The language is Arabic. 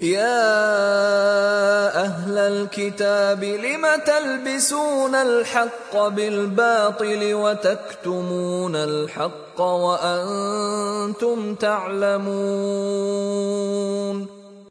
يا اهل الكتاب لم تلبسون الحق بالباطل وتكتمون الحق وانتم تعلمون